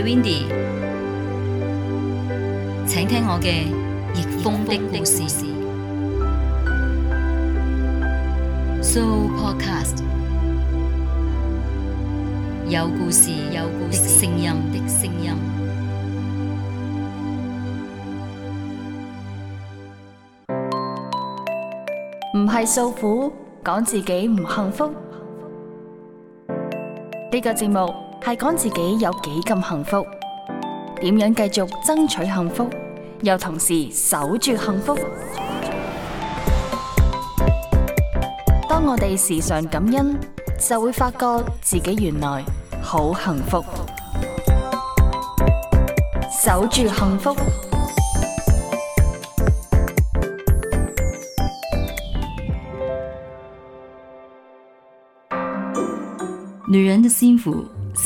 係 Windy，請聽我嘅逆風的故事。So podcast 有故事，有聲音的聲音。唔係訴苦，講自己唔幸福。呢個節目。係講自己有幾咁幸福，點樣繼續爭取幸福，又同時守住幸福。當我哋時常感恩，就會發覺自己原來好幸福，守住幸福。女人的幸福。